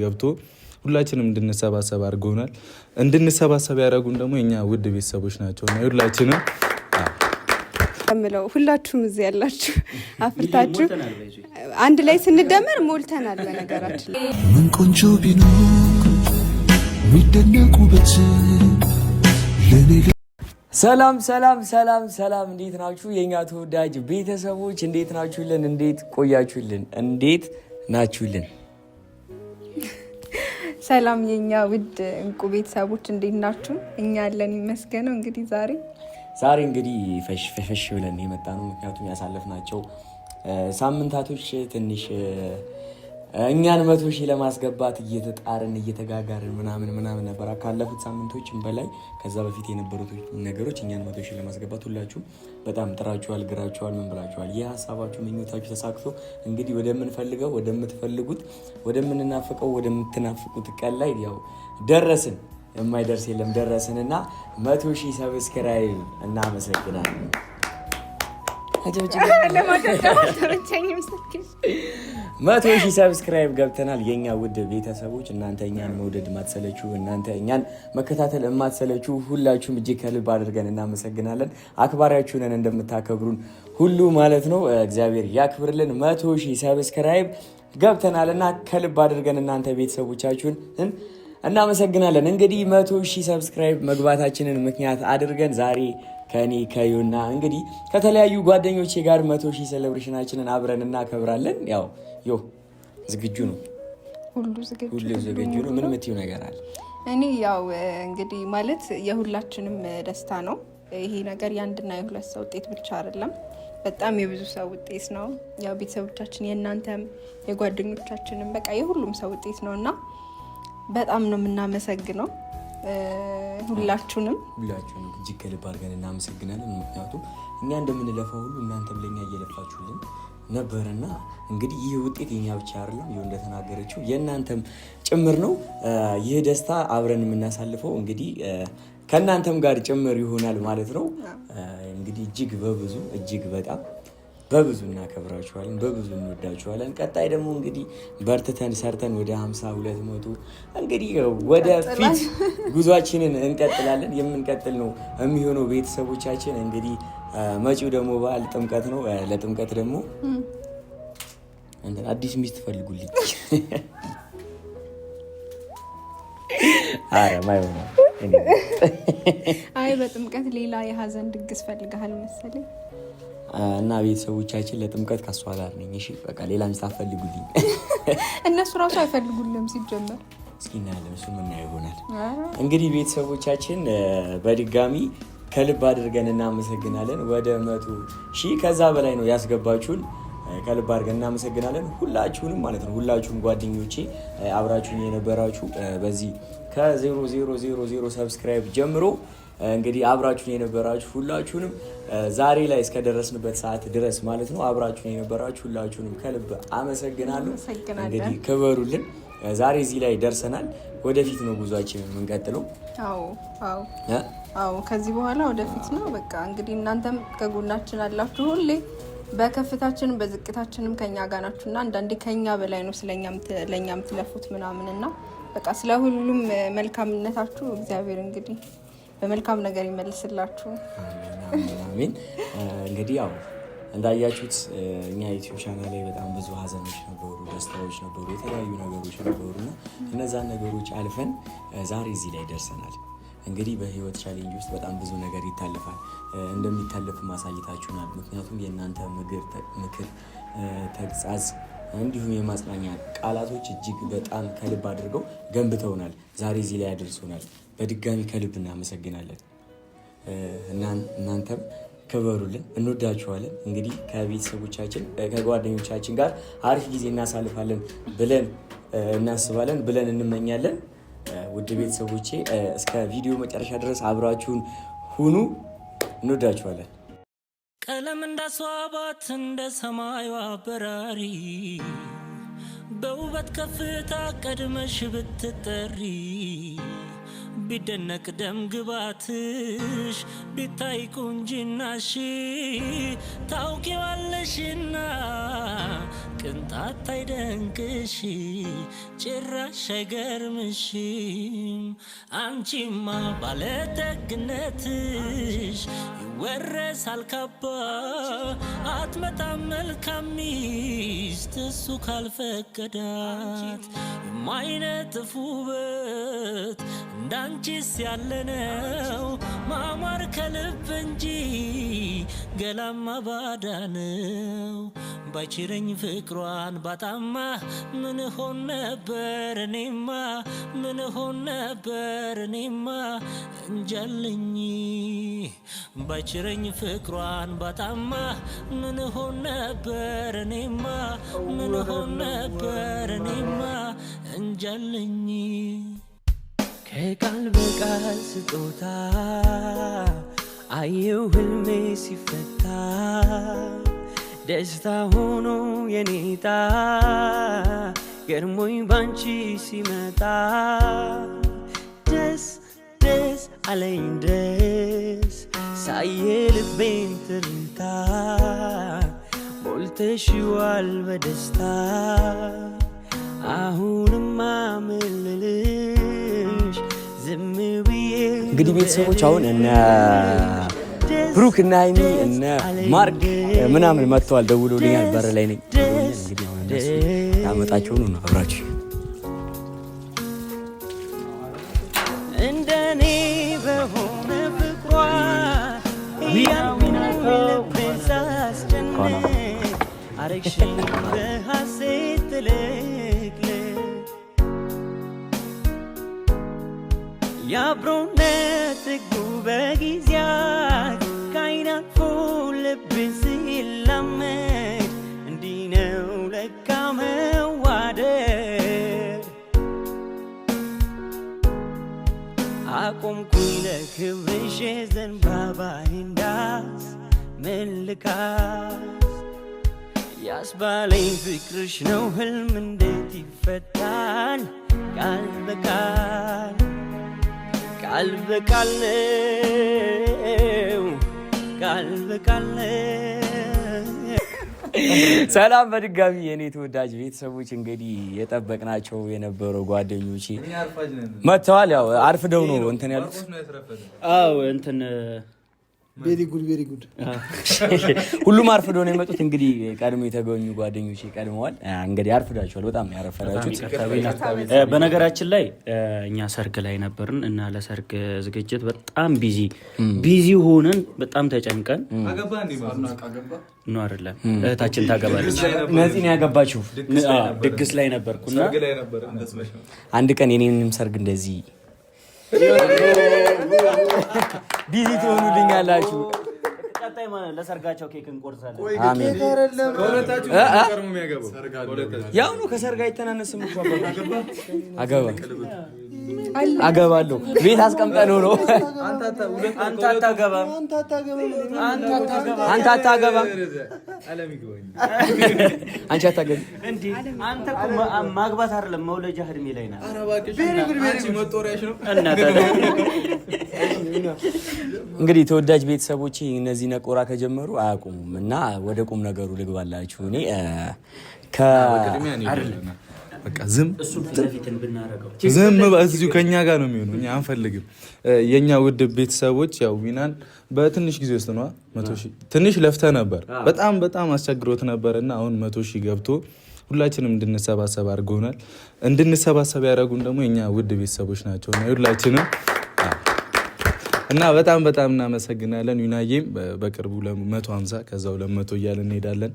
ገብቶ ሁላችንም እንድንሰባሰብ አድርገውናል። እንድንሰባሰብ ያደረጉን ደግሞ የኛ ውድ ቤተሰቦች ናቸው እና ሁላችንም ምለው ሁላችሁም እዚህ ያላችሁ አፍርታችሁ አንድ ላይ ስንደመር ሞልተናል። በነገራችን ምን ቆንጆ ቢኖር የሚደነቁበት ሰላም ሰላም ሰላም ሰላም፣ እንዴት ናችሁ የእኛ ተወዳጅ ቤተሰቦች? እንዴት ናችሁልን? እንዴት ቆያችሁልን? እንዴት ናችሁልን? ሰላም የኛ ውድ እንቁ ቤተሰቦች እንዴት ናችሁ? እኛ ያለን ይመስገነው። እንግዲህ ዛሬ ዛሬ እንግዲህ ፈሽ ብለን የመጣ ነው። ምክንያቱም ያሳለፍናቸው ሳምንታቶች ትንሽ እኛን መቶ ሺህ ለማስገባት እየተጣርን እየተጋጋርን ምናምን ምናምን ነበር ካለፉት ሳምንቶችም በላይ ከዛ በፊት የነበሩት ነገሮች እኛን መቶ ሺህ ለማስገባት ሁላችሁም በጣም ጥራችኋል፣ ግራችኋል፣ ምን ብላችኋል። ይህ ሀሳባችሁ ምኞታችሁ ተሳክቶ እንግዲህ ወደምንፈልገው ወደምትፈልጉት፣ ወደምንናፍቀው ወደምትናፍቁት ቀን ላይ ያው ደረስን። የማይደርስ የለም ደረስንና መቶ ሺህ ሰብስክራይብ እናመሰግናለን። መቶ ሺህ ሰብስክራይብ ገብተናል። የኛ ውድ ቤተሰቦች እናንተ እኛን መውደድ ማትሰለችሁ እናንተ እኛን መከታተል የማትሰለችው ሁላችሁም እጅግ ከልብ አድርገን እናመሰግናለን። አክባሪያችሁንን እንደምታከብሩን ሁሉ ማለት ነው። እግዚአብሔር ያክብርልን። መቶ ሺህ ሰብስክራይብ ገብተናል እና ከልብ አድርገን እናንተ ቤተሰቦቻችሁን እናመሰግናለን። እንግዲህ መቶ ሺህ ሰብስክራይብ መግባታችንን ምክንያት አድርገን ዛሬ ከኔ ከዩና እንግዲህ ከተለያዩ ጓደኞቼ ጋር መቶ ሺህ ሴሌብሬሽናችንን አብረን እናከብራለን። ያው ዮ ዝግጁ ነው፣ ሁሉ ዝግጁ ነው። ምን ምትዩ ነገር አለ? እኔ ያው እንግዲህ ማለት የሁላችንም ደስታ ነው። ይሄ ነገር የአንድና የሁለት ሰው ውጤት ብቻ አይደለም፣ በጣም የብዙ ሰው ውጤት ነው። ያው ቤተሰቦቻችን፣ የእናንተም፣ የጓደኞቻችንም በቃ የሁሉም ሰው ውጤት ነው እና በጣም ነው የምናመሰግነው ሁላችሁንም ሁላችሁንም እጅግ ከልብ አድርገን እናመሰግናለን። ምክንያቱም እኛ እንደምንለፋው ሁሉ እናንተም ብለኛ እየለፋችሁልን ነበርና እንግዲህ ይህ ውጤት የኛ ብቻ አይደለም፣ ይኸው እንደተናገረችው የእናንተም ጭምር ነው። ይህ ደስታ አብረን የምናሳልፈው እንግዲህ ከእናንተም ጋር ጭምር ይሆናል ማለት ነው። እንግዲህ እጅግ በብዙ እጅግ በጣም በብዙ እናከብራችኋለን፣ በብዙ እንወዳችኋለን። ቀጣይ ደግሞ እንግዲህ በርትተን ሰርተን ወደ ሀምሳ ሁለት መቶ እንግዲህ ወደፊት ጉዟችንን እንቀጥላለን። የምንቀጥል ነው የሚሆነው ቤተሰቦቻችን። እንግዲህ መጪው ደግሞ በዓል ጥምቀት ነው። ለጥምቀት ደግሞ አዲስ ሚስት ፈልጉልኝ። አይ በጥምቀት ሌላ የሀዘን ድግስ ፈልግሃል መሰለኝ እና ቤተሰቦቻችን ለጥምቀት ከእሷ ጋር ነኝ። እሺ በቃ ሌላ ሚስት አፈልጉልኝ። እነሱ ራሱ አይፈልጉልም ሲጀመር። እስኪ እናያለን፣ እሱ ይሆናል። እንግዲህ ቤተሰቦቻችን በድጋሚ ከልብ አድርገን እናመሰግናለን። ወደ መቶ ሺህ ከዛ በላይ ነው ያስገባችሁን ከልብ አድርገን እናመሰግናለን። ሁላችሁንም ማለት ነው ሁላችሁም ጓደኞቼ አብራችሁን የነበራችሁ በዚህ ከ0000 ሰብስክራይብ ጀምሮ እንግዲህ አብራችሁን የነበራችሁ ሁላችሁንም ዛሬ ላይ እስከደረስንበት ሰዓት ድረስ ማለት ነው አብራችሁን የነበራችሁ ሁላችሁንም ከልብ አመሰግናለሁ። እንግዲህ ክበሩልን። ዛሬ እዚህ ላይ ደርሰናል። ወደፊት ነው ጉዟችን የምንቀጥለው። አዎ አዎ አዎ፣ ከዚህ በኋላ ወደፊት ነው በቃ። እንግዲህ እናንተም ከጎናችን አላችሁ ሁሌ በከፍታችንም በዝቅታችንም ከኛ ጋር እና አንዳንዴ ከኛ በላይ ነው ለእኛ የምትለፉት ምናምንና በቃ ስለሁሉም መልካምነታችሁ እግዚአብሔር እንግዲህ በመልካም ነገር ይመልስላችሁ። አሜን። እንግዲህ ያው እንዳያችሁት እኛ ዩቲዩብ ቻናል ላይ በጣም ብዙ ሀዘኖች ነበሩ፣ ደስታዎች ነበሩ፣ የተለያዩ ነገሮች ነበሩ እና እነዛን ነገሮች አልፈን ዛሬ እዚህ ላይ ደርሰናል። እንግዲህ በህይወት ቻሌንጅ ውስጥ በጣም ብዙ ነገር ይታለፋል። እንደሚታለፍ ማሳየታችሁናል። ምክንያቱም የእናንተ ምክር፣ ተግጻዝ እንዲሁም የማጽናኛ ቃላቶች እጅግ በጣም ከልብ አድርገው ገንብተውናል። ዛሬ እዚህ ላይ አድርሶናል። በድጋሚ ከልብ እናመሰግናለን። እናንተም ክበሩልን፣ እንወዳችኋለን። እንግዲህ ከቤተሰቦቻችን ከጓደኞቻችን ጋር አሪፍ ጊዜ እናሳልፋለን ብለን እናስባለን ብለን እንመኛለን። ውድ ቤተሰቦቼ እስከ ቪዲዮ መጨረሻ ድረስ አብራችሁን ሁኑ። እንወዳችኋለን። ቀለም እንዳስዋባት እንደ ሰማዩ አበራሪ በውበት ከፍታ ቀድመሽ ብትጠሪ ቢደነቅ ደም ግባትሽ ቢታይ ቁንጅናሽ ታውቂዋለሽና ቅንጣት አይደንቅሽ ጭራሽ አይገርምሽም። አንቺማ ባለጠግነትሽ ይወረሳል ካባ አትመጣም መልካም ሚስት እሱ ካልፈቀዳት የማይነጥፍ ውበት እንዳንቺስ ያለነው ማማር ከልብ እንጂ ገላማ ባዳ ነው። ባይችረኝ ፍቅሯን ባጣማ ምን ሆን ነበር እኔማ ምን ሆን ነበር እኔማ እንጃልኝ ባይችረኝ ፍቅሯን ባጣማ ምን ሆን ነበር እኔማ ምን ሆን ነበር እኔማ እንጃልኝ ከቃል በቃል ስጦታ አየው ህልሜ ሲፈታ ደስታ ሆኖ የኔታ ገርሞኝ ባንቺ ሲመጣ ደስ ደስ አለኝ ደስ ሳየ ልቤን ትርታ ሞልተሽዋል በደስታ አሁንማ ምልልሽ እንግዲህ ቤተሰቦች አሁን እነ ብሩክ እና ሀይሚ እነ ማርክ ምናምን መጥተዋል። ደውሎልኛል። በር ላይ ነኝ። ያመጣቸው ነው። አብራችሁ እንደኔ የአብሮነት ጥጉ በጊዜያት ከዓይን አልፎ ልብን ሲላመድ እንዲህ ነው ለካ መዋደድ። አቆምኩኝ ለክብርሽ ዘንባባዬን እንዳስ ምን ያስባለኝ ፍቅርሽ ነው ህልም እንዴት ይፈታል ቃል በቃል ቃል በቃል ነው ቃል በቃል ሰላም በድጋሚ የእኔ ተወዳጅ ቤተሰቦች፣ እንግዲህ የጠበቅናቸው የነበረው ጓደኞች መጥተዋል። ያው አርፍደው ነው እንትን ያሉት እንትን ሁሉም አርፍዶ ነው የመጡት። እንግዲህ ቀድሞ የተገኙ ጓደኞች ቀድመዋል። እንግዲህ አርፍዳችኋል፣ በጣም ያረፈዳችሁት። በነገራችን ላይ እኛ ሰርግ ላይ ነበርን እና ለሰርግ ዝግጅት በጣም ቢዚ ቢዚ ሆነን በጣም ተጨንቀን ነው አይደለም። እህታችን ታገባለች። ነፂን ያገባችሁ ድግስ ላይ ነበርኩና አንድ ቀን የኔንም ሰርግ እንደዚህ ቢዚ ትሆኑልኛላችሁ። ቀጣይ ለሰርጋቸው ኬክ እንቆርሳለን። ያው ነው ከሰርግ አይተናነስም አገባ አገባለሁ ቤት አስቀምጠን ነው። አንተ አታገባም፣ አንተ አታገባም፣ አንተ ማግባት አይደለም መውለጃ እድሜ ላይ ናት። እንግዲህ ተወዳጅ ቤተሰቦች እነዚህ ነቆራ ከጀመሩ አያቁሙም እና ወደ ቁም ነገሩ ልግባላችሁ። እኔ ዝም እዚሁ ከኛ ጋር ነው የሚሆነው። እኛ አንፈልግም። የእኛ ውድ ቤተሰቦች ያው ዊናን በትንሽ ጊዜ ውስጥ ነዋ መቶ ሺህ ትንሽ ለፍተ ነበር። በጣም በጣም አስቸግሮት ነበር እና አሁን መቶ ሺህ ገብቶ ሁላችንም እንድንሰባሰብ አድርገውናል። እንድንሰባሰብ ያደረጉን ደግሞ የእኛ ውድ ቤተሰቦች ናቸው እና ሁላችንም እና በጣም በጣም እናመሰግናለን ዩናዬም በቅርቡ ለመቶ ሀምሳ ከዛ ሁለት መቶ እያለን እንሄዳለን።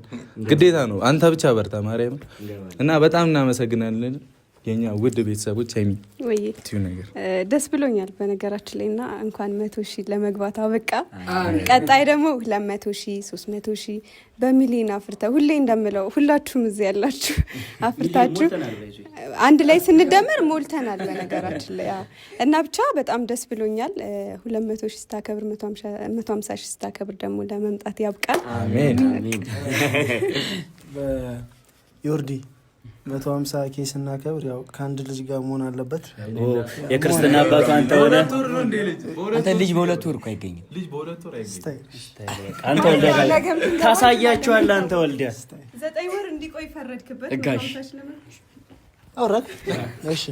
ግዴታ ነው። አንተ ብቻ በርታ ማርያም እና በጣም እናመሰግናለን። የኛ ውድ ቤተሰቦች ሚ ነገር ደስ ብሎኛል በነገራችን ላይ እና እንኳን መቶ ሺህ ለመግባት አበቃ። ቀጣይ ደግሞ ሁለት መቶ ሺህ ሶስት መቶ ሺህ በሚሊዮን አፍርተ ሁሌ እንደምለው ሁላችሁም እዚህ ያላችሁ አፍርታችሁ አንድ ላይ ስንደመር ሞልተናል በነገራችን ላይ እና ብቻ በጣም ደስ ብሎኛል። ሁለት መቶ ሺህ ስታከብር መቶ ሀምሳ ሺህ ስታከብር ደግሞ ለመምጣት ያብቃል። አሜን። ዮርዲ መቶ ሀምሳ ኬስ ስናከብር ያው ከአንድ ልጅ ጋር መሆን አለበት። የክርስትና አባቱ አንተ ሆነ አንተ ልጅ በሁለት ወር እኮ አይገኝም። አንተ ወልደህ ታሳያችኋለህ። አንተ ወልደህ ዘጠኝ ወር እንዲቆይ ፈረድክበት። እሺ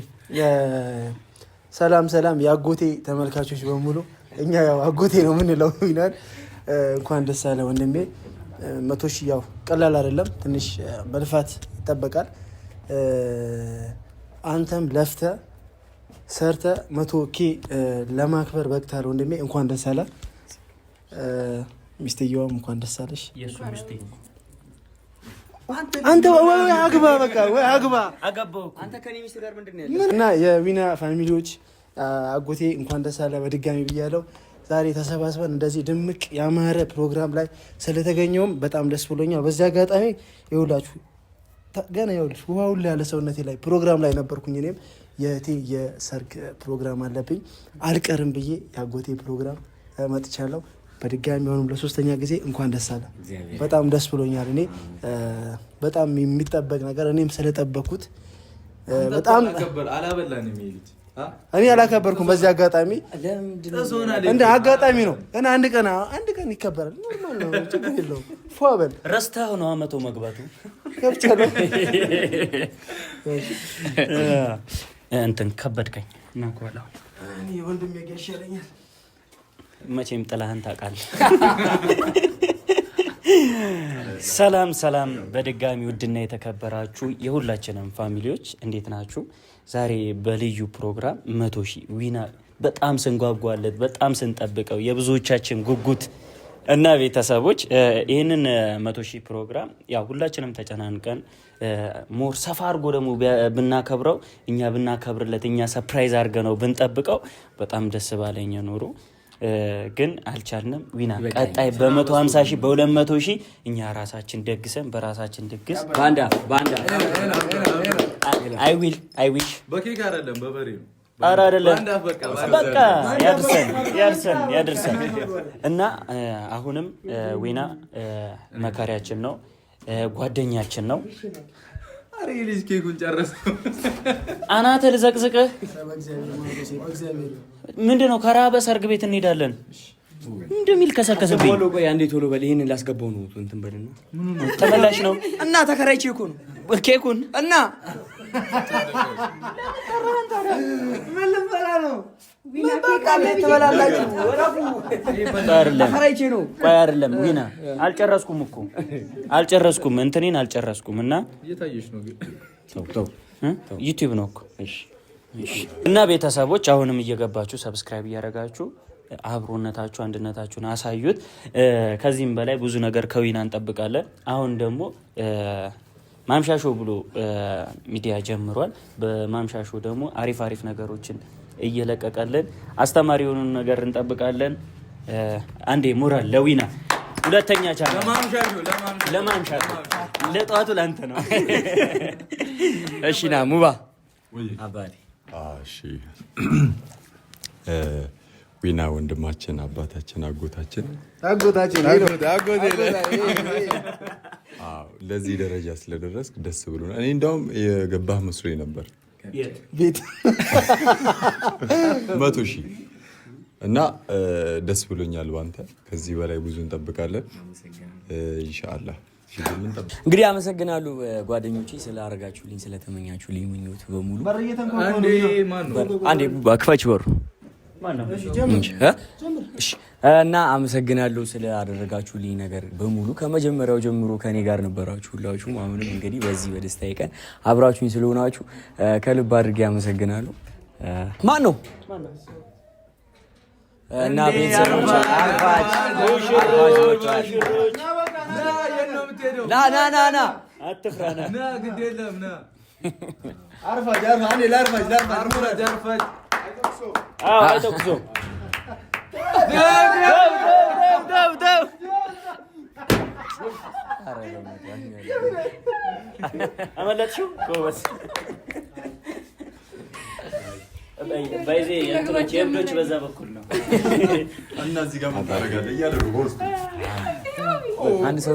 ሰላም ሰላም፣ የአጎቴ ተመልካቾች በሙሉ እኛ ያው አጎቴ ነው የምንለው ይናል። እንኳን ደስ አለ ወንድሜ። መቶ ሺህ ያው ቀላል አይደለም፣ ትንሽ በልፋት ይጠበቃል። አንተም ለፍተ ሰርተ መቶ ኬ ለማክበር በቅታል ወንድሜ። እንኳን ደስ አለ። ሚስትየዋም እንኳን ደስ አለሽ። አንተ አግባ በቃ ወይ አግባ። እና የዊና ፋሚሊዎች አጎቴ እንኳን ደስ አለ በድጋሚ ብያለው። ዛሬ ተሰባስበን እንደዚህ ድምቅ ያማረ ፕሮግራም ላይ ስለተገኘውም በጣም ደስ ብሎኛል። በዚህ አጋጣሚ ይውላችሁ ገና ይኸውልሽ ውሃ ሁሉ ያለ ሰውነቴ ላይ ፕሮግራም ላይ ነበርኩኝ። እኔም የእህቴ የሰርግ ፕሮግራም አለብኝ አልቀርም ብዬ ያጎቴ ፕሮግራም መጥቻለሁ። በድጋሚ ሆኑም ለሶስተኛ ጊዜ እንኳን ደስ አለ። በጣም ደስ ብሎኛል። እኔ በጣም የሚጠበቅ ነገር እኔም ስለጠበቅኩት በጣም እኔ አላከበርኩም። በዚህ አጋጣሚ እንደ አጋጣሚ ነው እና አንድ ቀን አንድ ቀን ይከበራል። ነው፣ ችግር የለውም። ፏበል ረስተኸው ነው አመቶ መግባቱ እንትን ከበድከኝ እና ኮላ ወንድም ይሻለኛል። መቼም ጥላህን ታውቃለህ። ሰላም ሰላም በድጋሚ ውድና የተከበራችሁ የሁላችንም ፋሚሊዎች እንዴት ናችሁ? ዛሬ በልዩ ፕሮግራም መቶ ሺህ ዊና በጣም ስንጓጓለት በጣም ስንጠብቀው የብዙዎቻችን ጉጉት እና ቤተሰቦች ይህንን መቶ ሺህ ፕሮግራም ያው ሁላችንም ተጨናንቀን ሞር ሰፋ አድርጎ ደግሞ ብናከብረው እኛ ብናከብርለት እኛ ሰፕራይዝ አድርገ ነው ብንጠብቀው በጣም ደስ ባለኝ ኑሮ ግን አልቻልንም። ዊና ቀጣይ በመቶ ሀምሳ ሺህ በሁለት መቶ ሺህ እኛ ራሳችን ደግሰን በራሳችን ድግስ ባንዳ ባንዳ በኬክ አይደለም በበሬ አይደለም በቃ ያድርሰን ያድርሰን ያድርሰን እና አሁንም ዊና መካሪያችን ነው፣ ጓደኛችን ነው። አናተ ልዘቅዝቅህ ምንድን ነው ከራበ ሰርግ ቤት እንሄዳለን እንደሚል ከሰከሰብኝ አንዴ ቶሎ በል ይህንን ላስገባው ነው እንትን በልና ተመላሽ ነው እና ተከራይቼ እኮ ነው ኬኩን እና አይደለም ዊና አልጨረስኩም እኮ አልጨረስኩም እንትኔን አልጨረስኩም እና ዩቲዩብ ነው እኮ እና ቤተሰቦች አሁንም እየገባችሁ ሰብስክራይብ እያደረጋችሁ አብሮነታችሁ አንድነታችሁን አሳዩት። ከዚህም በላይ ብዙ ነገር ከዊና እንጠብቃለን። አሁን ደግሞ ማምሻሾ ብሎ ሚዲያ ጀምሯል። በማምሻሾ ደግሞ አሪፍ አሪፍ ነገሮችን እየለቀቀልን አስተማሪ የሆኑ ነገር እንጠብቃለን። አንዴ ሞራል ለዊና ሁለተኛ ቻለ ለማምሻሾ ለጠዋቱ ለአንተ ነው። እሺና ሙባ አባሪ እሺ ዊና ወንድማችን፣ አባታችን፣ አጎታችን ለዚህ ደረጃ ስለደረስክ ደስ ብሎ እኔ እንዳውም የገባህ መስሎኝ ነበር ቤት መቶ ሺህ እና ደስ ብሎኛል ባንተ። ከዚህ በላይ ብዙ እንጠብቃለን ኢንሻአላህ። እንግዲህ አመሰግናለሁ ጓደኞቼ ስላደረጋችሁልኝ ስለተመኛችሁልኝ ምኞት በሙሉ። ክፈች በሩ እና አመሰግናለሁ ስላደረጋችሁልኝ ነገር በሙሉ ከመጀመሪያው ጀምሮ ከኔ ጋር ነበራችሁ ሁላችሁም። አሁንም እንግዲህ በዚህ በደስታዬ ቀን አብራችሁኝ ስለሆናችሁ ከልብ አድርጌ አመሰግናለሁ። ማን ነው እና ቤተሰቦች ና ና ና አመለጥሽው ጎበዝ። በዛ በኩል ነው። እና እዚህ ጋር አንድ ሰው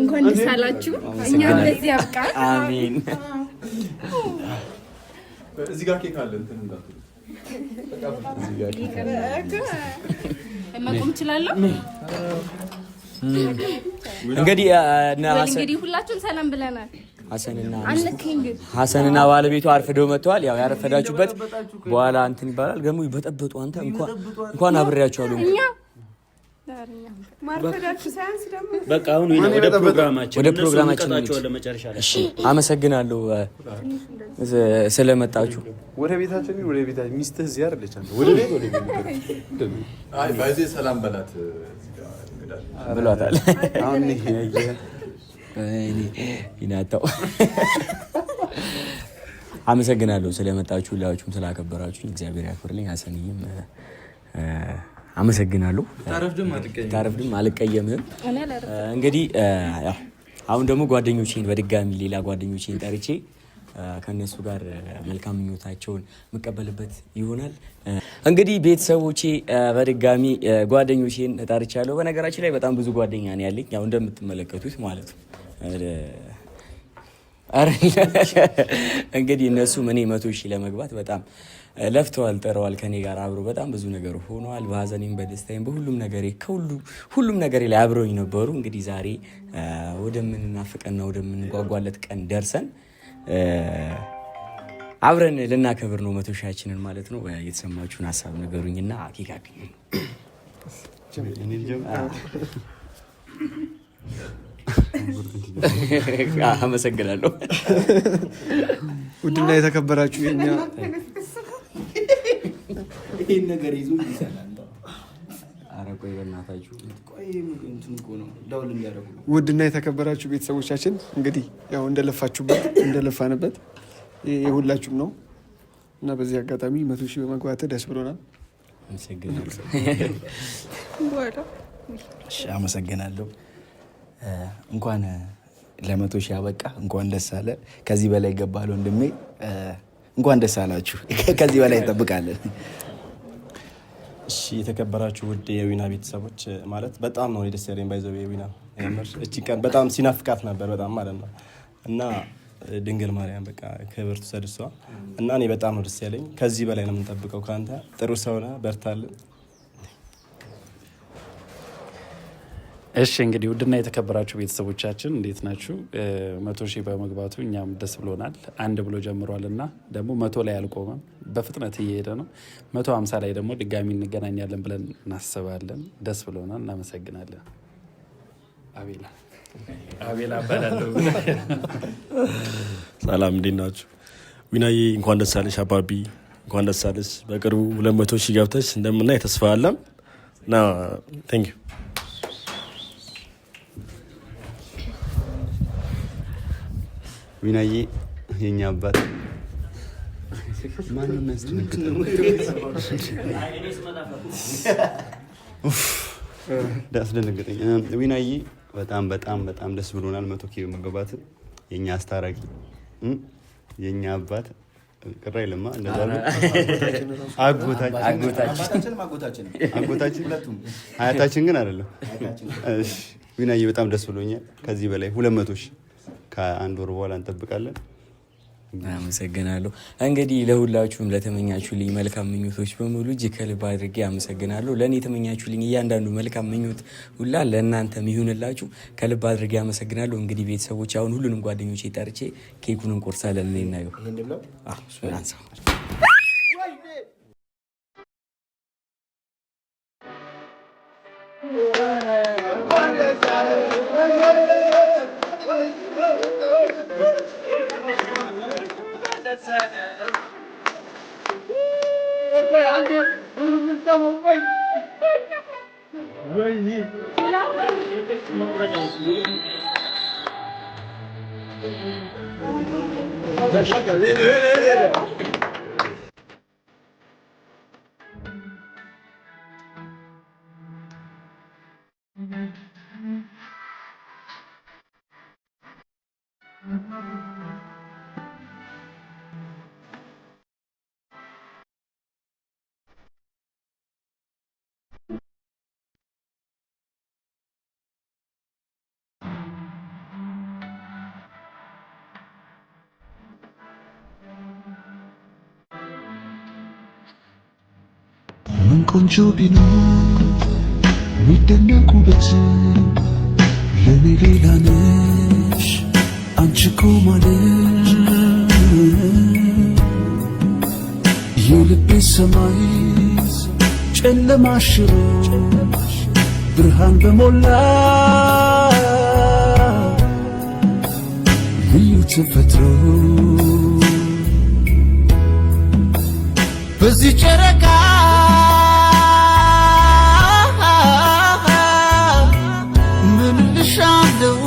እንኳን ደስ አላችሁ። ያብቃል። አሜን። እዚህ ጋር ኬክ አለ። እንትን መቆም እችላለሁ። እንግዲህ እንግዲህ ሁላችሁም ሰላም ብለናል። ሀሰንና ባለቤቱ አርፍደው መጥተዋል። ያው ያረፈዳችሁበት በኋላ እንትን ይባላል። ገሙ ይበጠበጡ አንተ እንኳን አብሬያችኋለሁ በቃ አሁን ወደ ፕሮግራማችን ወደ ፕሮግራማችን አመሰግናለሁ ስለመጣችሁ። ወደ ቤታችን ወደ ቤታችን ሚስትህ እዚህ አይደለች አንተ ወደ ቤት ወደ ቤት ሰላም በላት ብሏታል። አሁን ይናጣው አመሰግናለሁ ስለመጣችሁ፣ ሁላችሁም ስላከበራችሁ እግዚአብሔር ያክብርልኝ። ሀሰንዬም አመሰግናለሁ። ታረፍድም አልቀየምም። እንግዲህ አሁን ደግሞ ጓደኞቼን በድጋሚ ሌላ ጓደኞቼን ጠርቼ ከእነሱ ጋር መልካም ምኞታቸውን የምቀበልበት ይሆናል። እንግዲህ ቤተሰቦቼ በድጋሚ ጓደኞቼን ጠርቻለሁ። በነገራችን ላይ በጣም ብዙ ጓደኛ ነው ያለኝ፣ ያው እንደምትመለከቱት ማለት ነው። እንግዲህ እነሱም እኔ መቶ ሺህ ለመግባት በጣም ለፍተዋል፣ ጥረዋል። ከኔ ጋር አብሮ በጣም ብዙ ነገር ሆነዋል። በሀዘኔም በደስታዬም በሁሉም ነገሬ ሁሉም ነገሬ ላይ አብረውኝ ነበሩ። እንግዲህ ዛሬ ወደምንናፍቀንና ወደምንጓጓለት ቀን ደርሰን አብረን ልናከብር ነው መቶ ሺያችንን ማለት ነው። የተሰማችሁን ሀሳብ ነገሩኝና ኬክ አግኝ አመሰግናለሁ። ውድና የተከበራችሁ የኛ ይህን ነገር ይዞ ውድና የተከበራችሁ ቤተሰቦቻችን እንግዲህ ያው እንደለፋችሁበት እንደለፋንበት የሁላችሁም ነው እና በዚህ አጋጣሚ መቶ ሺህ በመግባት ደስ ብሎናል። አመሰግናለሁ። እንኳን ለመቶ ሺህ አበቃ። እንኳን ደስ አለ። ከዚህ በላይ ይገባል ወንድሜ። እንኳን ደስ አላችሁ። ከዚህ በላይ እንጠብቃለን። እሺ የተከበራችሁ ውድ የዊና ቤተሰቦች ማለት በጣም ነው ደስ ያለኝ። ባይዘው የዊና እቺ ቀን በጣም ሲናፍቃት ነበር በጣም ማለት ነው እና ድንግል ማርያም በቃ ክብር ትውሰድ እሷ እና እኔ በጣም ነው ደስ ያለኝ። ከዚህ በላይ ነው የምንጠብቀው ከአንተ ጥሩ ሰውነ በርታለን። እሺ እንግዲህ ውድና የተከበራችሁ ቤተሰቦቻችን እንዴት ናችሁ? መቶ ሺህ በመግባቱ እኛም ደስ ብሎናል። አንድ ብሎ ጀምሯል እና ደግሞ መቶ ላይ አልቆመም፣ በፍጥነት እየሄደ ነው። መቶ ሀምሳ ላይ ደግሞ ድጋሚ እንገናኛለን ብለን እናስባለን። ደስ ብሎናል፣ እናመሰግናለን። አቤላ አቤላ እባላለሁ። ሰላም እንዴት ናችሁ? ዊናዬ እንኳን ደስ አለሽ። አባቢ እንኳን ደስ አለሽ። በቅርቡ ሁለት መቶ ሺህ ገብተሽ እንደምና የተስፋ አለን እና ቴንክ ዩ ዊናዬ የኛ አባት ማን የሚያስደነግጠው? አስደነገጠኝ። ዊናዬ በጣም በጣም በጣም ደስ ብሎናል። መቶ ኪሎ መገባት የኛ አስታራቂ የኛ አባት ቅር አይልማ። እንደዛ ነው። አጎታችን አያታችን ግን አይደለም። ዊናዬ በጣም ደስ ብሎኛል። ከዚህ በላይ ሁለት መቶ ሺህ ከአንድ ወር በኋላ እንጠብቃለን። አመሰግናለሁ። እንግዲህ ለሁላችሁም ለተመኛችሁልኝ መልካም ምኞቶች በሙሉ እጅ ከልብ አድርጌ አመሰግናለሁ። ለእኔ የተመኛችሁልኝ እያንዳንዱ መልካም ምኞት ሁላ ለእናንተ ይሁንላችሁ ከልብ አድርጌ አመሰግናለሁ። እንግዲህ ቤተሰቦች፣ አሁን ሁሉንም ጓደኞች ጠርቼ ኬኩን እንቆርሳለን። እኔ እናየው አንሳ Tamam bay. Bay ne? Selam. Ben şaka. ቆንጆ ቢኖር የሚደነቅ ውበት ለኔ ሌላ ነሽ አንቺ እኮ ማለት የልቤ ሰማይ ጨለማ ሽሮ ብርሃን በሞላ ልዩ ተፈጥሮ በዚህ ጨረቃ እሻለሁ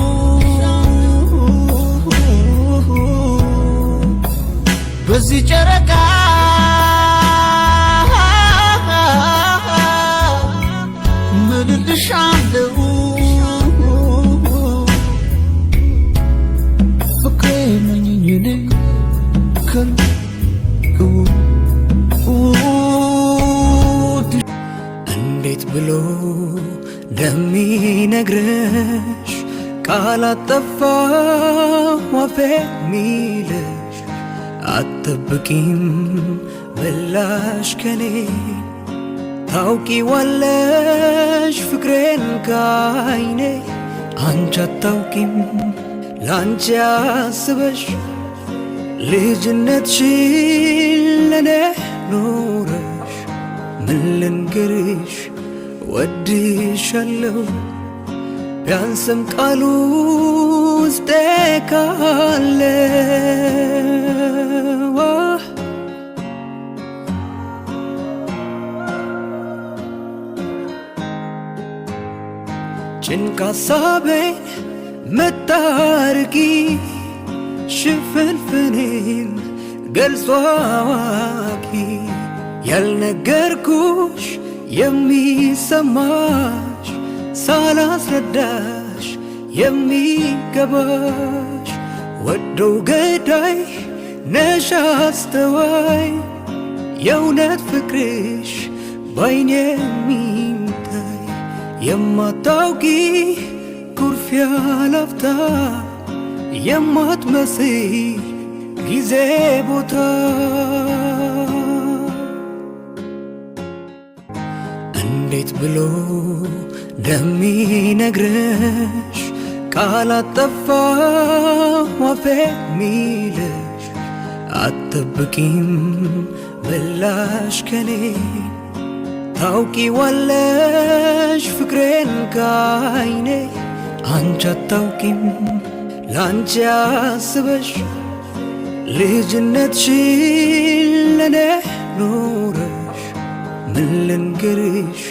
በዚህ ጨረቃ ምልልሻለሁ ፍቅሬ መኝኝን ከር እንዴት ብሎ ለሚነግረ ቃል አጠፋሁ አፌ ሚልሽ አትጠብቂም ምላሽ ከኔ ታውቂዋለሽ ፍቅሬን ከዓይኔ አንቺ አታውቂም ላንቺ አስበሽ ልጅነትሽን ለኔ ኖረሽ ምን ልንገርሽ ወድሻለሁ ቢያንስም ቃሉ ውስጤ ካለ ጭንቅ መታርጊ ሽፍንፍኔን ገልጾ አዋቂ ያልነገርኩሽ የሚሰማ ሳላስረዳሽ የሚገባሽ ወደው ገዳይ ነሽ አስተዋይ የእውነት ፍቅርሽ ባይን የሚታይ የማታውቂ ኩርፊያ ላፍታ የማትመስይ ጊዜ ቦታ እንዴት ብሎ እንደሚነግርሽ ቃል አጠፋሁ ዋፌ ሚልሽ አትጠብቂም ምላሽ ከኔ ታውቂዋለሽ ፍቅሬን ከዓይኔ አንቺ አታውቂም ላንቺ አስበሽ ልጅነትሽን ለኔ ኖረ ምን ልንገርሽ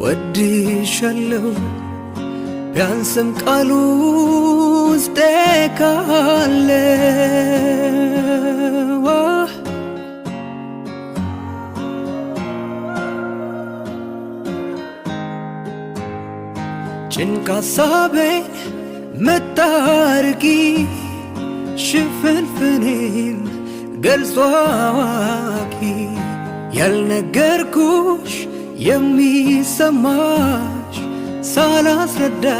ወድሻለሁ ቢያንስም ቃሉ ውስጤ ካለ ጭንቅ መታርጊ ሽፍንፍኔን ገልጾ አዋቂ ያልነገርኩሽ የሚሰማሽ ሳላስረዳ